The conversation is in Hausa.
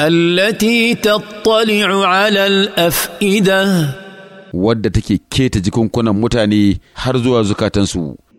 ta تطلع على الأفئدة wadda take keta jikunkunan mutane har zuwa zukatansu